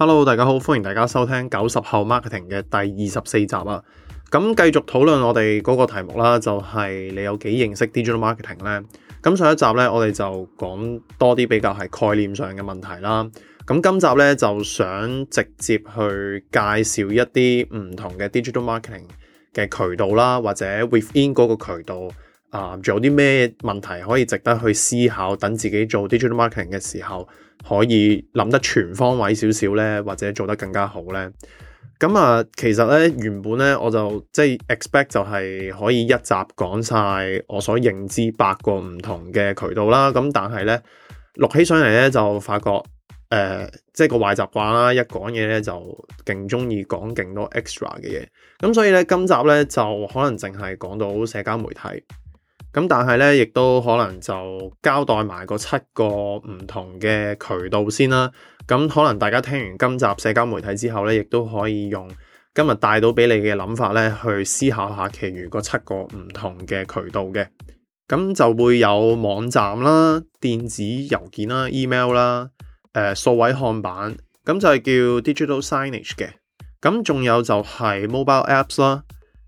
Hello，大家好，歡迎大家收聽九十後 marketing 嘅第二十四集啊。咁繼續討論我哋嗰個題目啦，就係、是、你有幾認識 digital marketing 呢？咁上一集呢，我哋就講多啲比較係概念上嘅問題啦。咁今集呢，就想直接去介紹一啲唔同嘅 digital marketing 嘅渠道啦，或者 within 嗰個渠道啊，仲、呃、有啲咩問題可以值得去思考，等自己做 digital marketing 嘅時候。可以諗得全方位少少呢，或者做得更加好呢。咁啊，其實呢，原本呢，我就即係、就是、expect 就係可以一集講晒我所認知八個唔同嘅渠道啦。咁但係呢，錄起上嚟呢，就發覺，誒，即係個壞習慣啦。一講嘢呢，就勁中意講勁多 extra 嘅嘢。咁所以呢，今集呢，就可能淨係講到社交媒體。咁但係咧，亦都可能就交代埋個七個唔同嘅渠道先啦。咁可能大家聽完今集社交媒體之後咧，亦都可以用今日帶到俾你嘅諗法咧，去思考下其餘個七個唔同嘅渠道嘅。咁就會有網站啦、電子郵件啦、email 啦、誒、呃、數位看板，咁就係叫 digital signage 嘅。咁仲有就係 mobile apps 啦。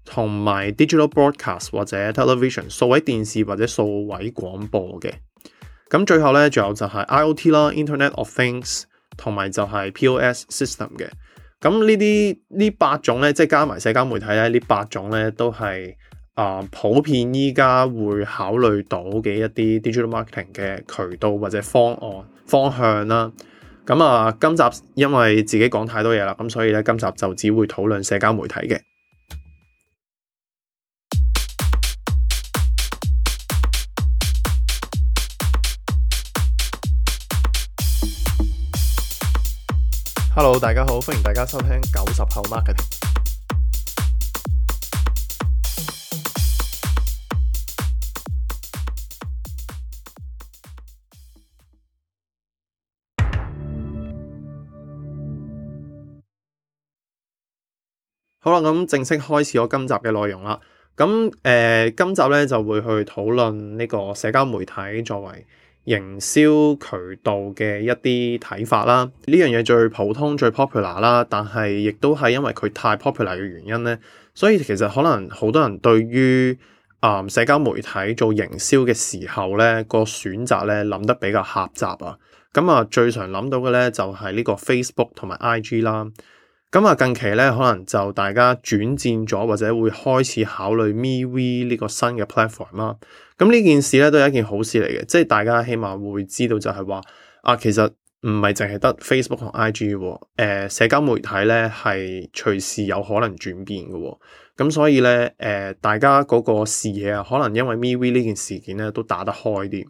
同埋 digital broadcast 或者 television 數位電視或者數位廣播嘅，咁最後咧，仲有就係 IOT 啦，Internet of Things，同埋就係 POS system 嘅，咁呢啲呢八種咧，即係加埋社交媒體咧，呢八種咧都係啊、呃、普遍依家會考慮到嘅一啲 digital marketing 嘅渠道或者方案方向啦。咁啊，今集因為自己講太多嘢啦，咁所以咧今集就只會討論社交媒體嘅。Hello，大家好，歡迎大家收聽九十後 market。好啦，咁正式開始我今集嘅內容啦。咁誒、呃，今集咧就會去討論呢個社交媒體作為營銷渠道嘅一啲睇法啦，呢樣嘢最普通最 popular 啦，但係亦都係因為佢太 popular 嘅原因呢，所以其實可能好多人對於啊、嗯、社交媒體做營銷嘅時候呢、呢個選擇呢，諗得比較狹窄啊，咁啊最常諗到嘅呢就係、是、呢個 Facebook 同埋 IG 啦，咁啊近期呢，可能就大家轉戰咗或者會開始考慮 MeWe 呢個新嘅 platform 啦。咁呢件事咧都係一件好事嚟嘅，即係大家起碼會知道就係話啊，其實唔係淨係得 Facebook 同 IG 喎、呃，社交媒體咧係隨時有可能轉變嘅。咁、呃、所以咧誒、呃，大家嗰個視野啊，可能因為 MeWe 呢件事件咧都打得開啲。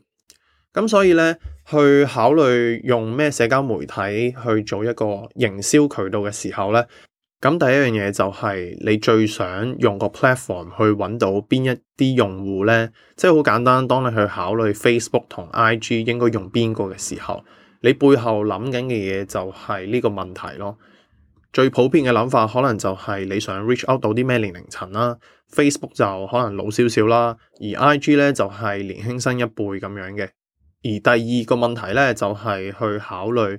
咁所以咧，去考慮用咩社交媒體去做一個營銷渠道嘅時候咧。咁第一樣嘢就係你最想用個 platform 去揾到邊一啲用戶呢？即係好簡單。當你去考慮 Facebook 同 IG 應該用邊個嘅時候，你背後諗緊嘅嘢就係呢個問題咯。最普遍嘅諗法可能就係你想 reach out 到啲咩年齡層啦。 Facebook 就可能老少少啦，而 IG 咧就係、是、年輕新一輩咁樣嘅。而第二個問題呢，就係、是、去考慮。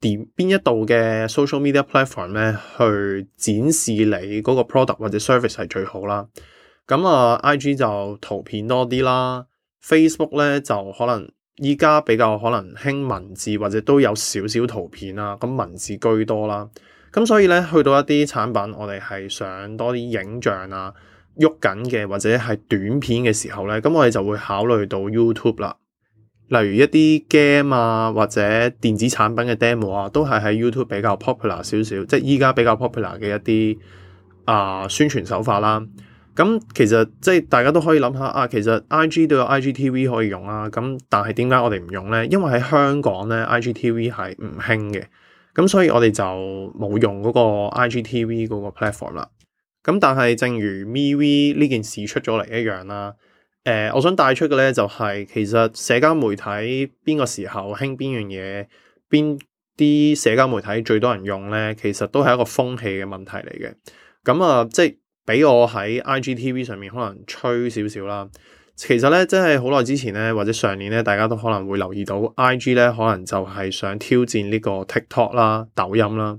點邊一度嘅 social media platform 咧，去展示你嗰個 product 或者 service 係最好啦。咁啊，IG 就圖片多啲啦，Facebook 咧就可能依家比較可能興文字，或者都有少少圖片啊。咁文字居多啦。咁所以咧，去到一啲產品，我哋係上多啲影像啊，喐緊嘅或者係短片嘅時候咧，咁我哋就會考慮到 YouTube 啦。例如一啲 game 啊，或者電子產品嘅 demo 啊，都係喺 YouTube 比較 popular 少少，即係依家比較 popular 嘅一啲啊、呃、宣傳手法啦。咁、嗯、其實即係大家都可以諗下，啊其實 IG 都有 IGTV 可以用啦、啊。咁、嗯、但係點解我哋唔用呢？因為喺香港呢 IGTV 係唔興嘅，咁、嗯、所以我哋就冇用嗰個 IGTV 嗰個 platform 啦。咁、嗯、但係正如 MeWe 呢件事出咗嚟一樣啦、啊。誒、呃，我想帶出嘅呢，就係、是，其實社交媒體邊個時候興邊樣嘢，邊啲社交媒體最多人用呢，其實都係一個風氣嘅問題嚟嘅。咁啊、呃，即係俾我喺 IGTV 上面可能吹少少啦。其實呢，即係好耐之前呢，或者上年呢，大家都可能會留意到 IG 呢，可能就係想挑戰呢個 TikTok 啦、抖音啦。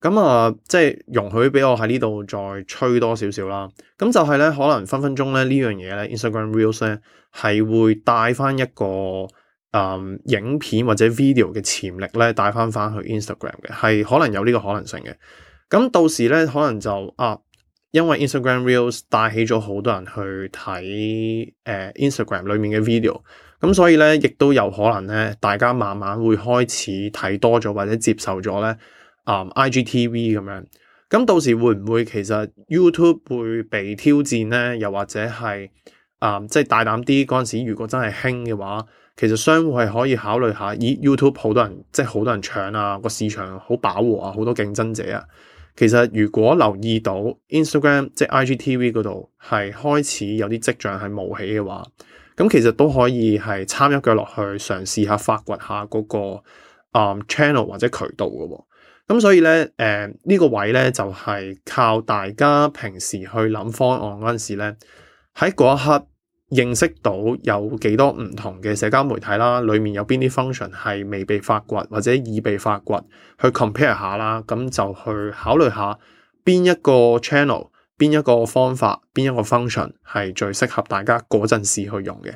咁啊、嗯，即係容許俾我喺呢度再吹多少少啦。咁、嗯、就係咧，可能分分鐘咧，呢樣嘢咧，Instagram Reels 咧係會帶翻一個誒、嗯、影片、或者 video 嘅潛力咧，帶翻翻去 Instagram 嘅，係可能有呢個可能性嘅。咁、嗯、到時咧，可能就啊，因為 Instagram Reels 帶起咗好多人去睇誒、呃、Instagram 裏面嘅 video，咁、嗯、所以咧亦都有可能咧，大家慢慢會開始睇多咗或者接受咗咧。嗯、um,，IGTV 咁樣，咁到時會唔會其實 YouTube 會被挑戰呢？又或者係啊，um, 即係大膽啲嗰陣時，如果真係真係興嘅話，其實商戶係可以考慮下，以 YouTube 好多人，即係好多人搶啊，個市場好飽和啊，好多競爭者啊。其實如果留意到 Instagram 即係 IGTV 嗰度係開始有啲跡象係冒起嘅話，咁其實都可以係參一腳落去，嘗試下發掘下嗰、那個、um, channel 或者渠道嘅喎。咁所以咧，誒、呢、呢個位咧就係靠大家平時去諗方案嗰陣時咧，喺嗰一刻認識到有幾多唔同嘅社交媒體啦，裡面有邊啲 function 係未被發掘或者已被發掘去 compare 下啦，咁就去考慮下邊一個 channel、邊一個方法、邊一個 function 係最適合大家嗰陣時去用嘅。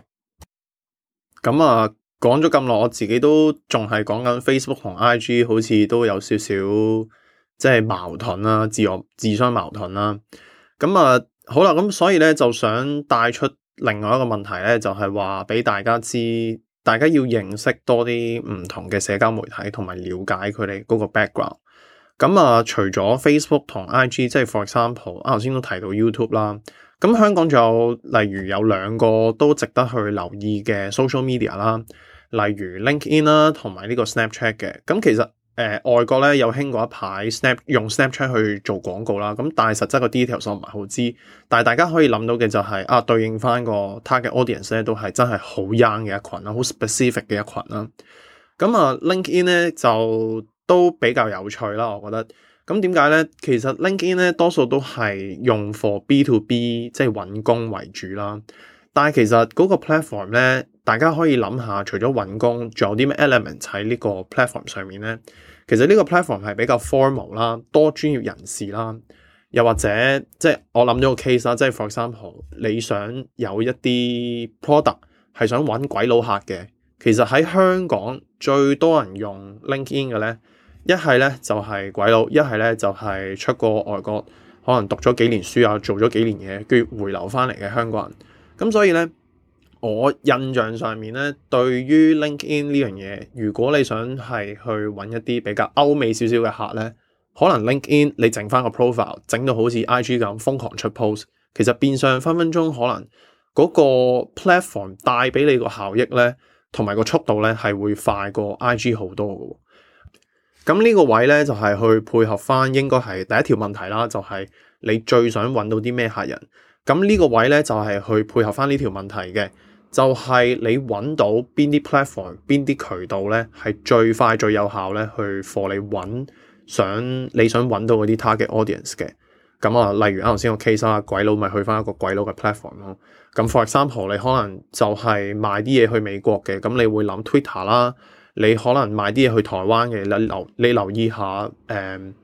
咁啊～講咗咁耐，我自己都仲係講緊 Facebook 同 IG，好似都有少少即係矛盾啦，自我自相矛盾啦。咁啊，好啦，咁所以咧就想帶出另外一個問題咧，就係話俾大家知，大家要認識多啲唔同嘅社交媒體，同埋了解佢哋嗰個 background。咁啊，除咗 Facebook 同 IG，即係 for example，啱頭先都提到 YouTube 啦。咁香港仲有例如有兩個都值得去留意嘅 social media 啦。例如 l i n k i n 啦，同埋呢個 Snapchat 嘅，咁其實誒、呃、外國咧有興過一排 Snap 用 Snapchat 去做廣告啦，咁但係實質個 D e t a i 投數唔係好知，但係大家可以諗到嘅就係、是、啊對應翻個 target audience 咧都係真係好 young 嘅一群，一群啦，好 specific 嘅一群。啦。咁啊 l i n k i n 咧就都比較有趣啦，我覺得。咁點解咧？其實 l i n k i n 咧多數都係用 for B to B 即係揾工為主啦，但係其實嗰個 platform 咧。大家可以諗下，除咗揾工，仲有啲咩 element 喺呢個 platform 上面呢？其實呢個 platform 係比較 formal 啦，多專業人士啦，又或者即係我諗咗個 case 啦，即係 for example，你想有一啲 product 係想揾鬼佬客嘅，其實喺香港最多人用 LinkedIn 嘅呢，一係呢就係鬼佬，一係呢就係出過外國，可能讀咗幾年書啊，做咗幾年嘢，跟住回流翻嚟嘅香港人，咁所以呢。我印象上面咧，對於 LinkedIn 呢樣嘢，如果你想係去揾一啲比較歐美少少嘅客呢，可能 LinkedIn 你整翻個 profile，整到好似 IG 咁，瘋狂出 post，其實變相分分鐘可能嗰個 platform 帶俾你個效益呢，同埋個速度呢係會快過 IG 好多嘅。咁呢個位呢，就係、是、去配合翻，應該係第一條問題啦，就係、是、你最想揾到啲咩客人。咁呢個位呢，就係、是、去配合翻呢條問題嘅。就係你揾到邊啲 platform、邊啲渠道呢係最快最有效呢？去幫你揾想你想揾到嗰啲 target audience 嘅。咁啊，例如啱頭先個 case 啊，鬼佬咪去翻一個鬼佬嘅 platform 咯。咁，for example，你可能就係賣啲嘢去美國嘅，咁你會諗 Twitter 啦。你可能賣啲嘢去台灣嘅，你留你留意下誒、嗯、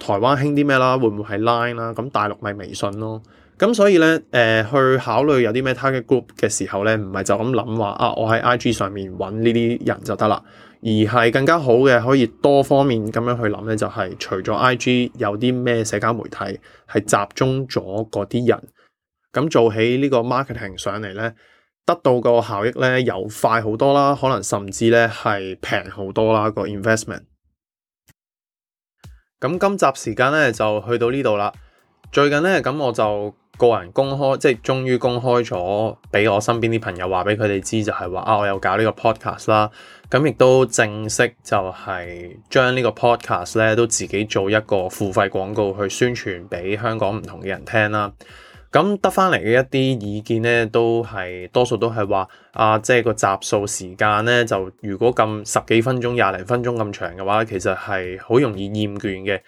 台灣興啲咩啦？會唔會係 Line 啦？咁大陸咪微信咯。咁所以咧，誒、呃、去考慮有啲咩 target group 嘅時候咧，唔係就咁諗話啊，我喺 IG 上面揾呢啲人就得啦，而係更加好嘅可以多方面咁樣去諗咧，就係、是、除咗 IG 有啲咩社交媒體係集中咗嗰啲人，咁做起個呢個 marketing 上嚟咧，得到個效益咧又快好多啦，可能甚至咧係平好多啦個 investment。咁 invest 今集時間咧就去到呢度啦。最近咧咁我就個人公開即係終於公開咗，俾我身邊啲朋友話俾佢哋知，就係話啊，我有搞呢個 podcast 啦。咁亦都正式就係將個呢個 podcast 咧，都自己做一個付費廣告去宣傳俾香港唔同嘅人聽啦。咁得翻嚟嘅一啲意見咧，都係多數都係話啊，即係個集數時間咧，就如果咁十幾分鐘、廿零分鐘咁長嘅話，其實係好容易厭倦嘅。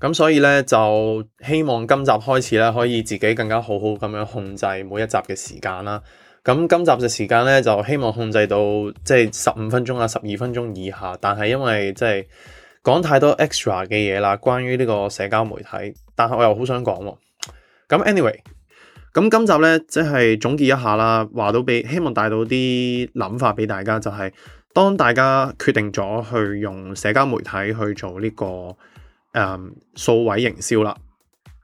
咁所以咧，就希望今集開始咧，可以自己更加好好咁樣控制每一集嘅時間啦。咁今集嘅時間咧，就希望控制到即係十五分鐘啊，十二分鐘以下。但係因為即係講太多 extra 嘅嘢啦，關於呢個社交媒體，但係我又好想講啊。咁 anyway，咁今集咧，即係總結一下啦，話到俾希望帶到啲諗法俾大家，就係當大家決定咗去用社交媒體去做呢個。誒、um, 數位營銷啦，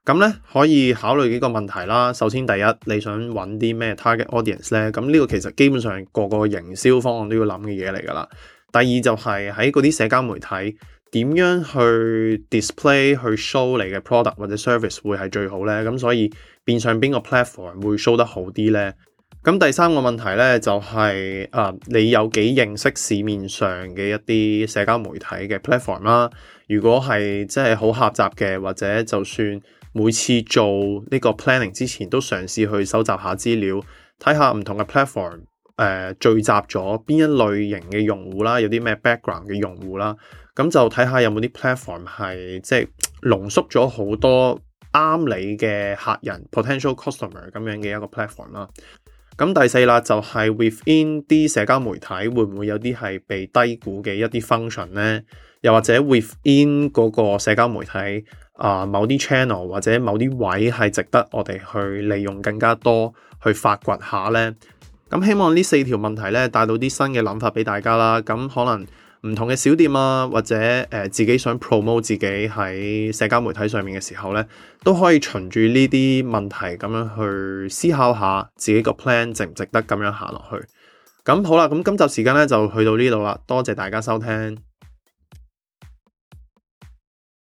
咁咧可以考慮幾個問題啦。首先第一，你想揾啲咩 target audience 咧？咁呢個其實基本上個個營銷方案都要諗嘅嘢嚟㗎啦。第二就係喺嗰啲社交媒體點樣去 display 去 show 你嘅 product 或者 service 會係最好咧？咁所以變相邊個 platform 會 show 得好啲咧？咁第三個問題咧，就係、是、誒、呃、你有幾認識市面上嘅一啲社交媒體嘅 platform 啦？如果係真係好狹窄嘅，或者就算每次做呢個 planning 之前都嘗試去搜集下資料，睇下唔同嘅 platform 誒、呃、聚集咗邊一類型嘅用戶，用戶、嗯、有有啦，有啲咩 background 嘅用戶啦，咁就睇下有冇啲 platform 係即係濃縮咗好多啱你嘅客人 potential customer 咁樣嘅一個 platform 啦。咁第四啦，就係、是、within 啲社交媒體會唔會有啲係被低估嘅一啲 function 咧？又或者 within 嗰個社交媒體啊、呃，某啲 channel 或者某啲位係值得我哋去利用更加多去發掘下咧？咁希望呢四條問題咧帶到啲新嘅諗法俾大家啦。咁可能，唔同嘅小店啊，或者誒、呃、自己想 promote 自己喺社交媒體上面嘅時候咧，都可以循住呢啲問題咁樣去思考下自己個 plan 值唔值得咁樣行落去。咁好啦，咁今集時間咧就去到呢度啦，多謝大家收聽。